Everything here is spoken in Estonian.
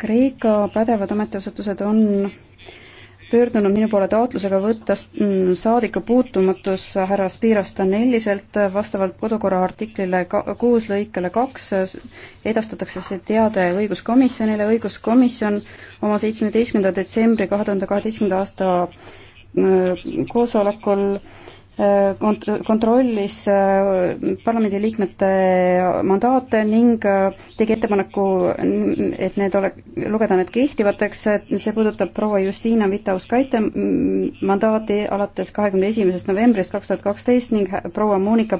Kreeka pädevad ametiasutused on pöördunud minu poole taotlusega võtta mm, saadiku puutumatus härra Spiros Danelliselt vastavalt kodukorra artiklile kuus lõikele kaks edastatakse see teade õiguskomisjonile, õiguskomisjon oma seitsmeteistkümnenda detsembri kahe tuhande kaheteistkümnenda aasta mm, koosolekul kont-, kontrollis äh, parlamendiliikmete mandaate ning äh, tegi ettepaneku, et need ole, lugeda need kehtivateks, see puudutab proua Justiina Vitaus-Kaite mandaati alates kahekümne esimesest novembrist kaks tuhat kaksteist ning proua Monika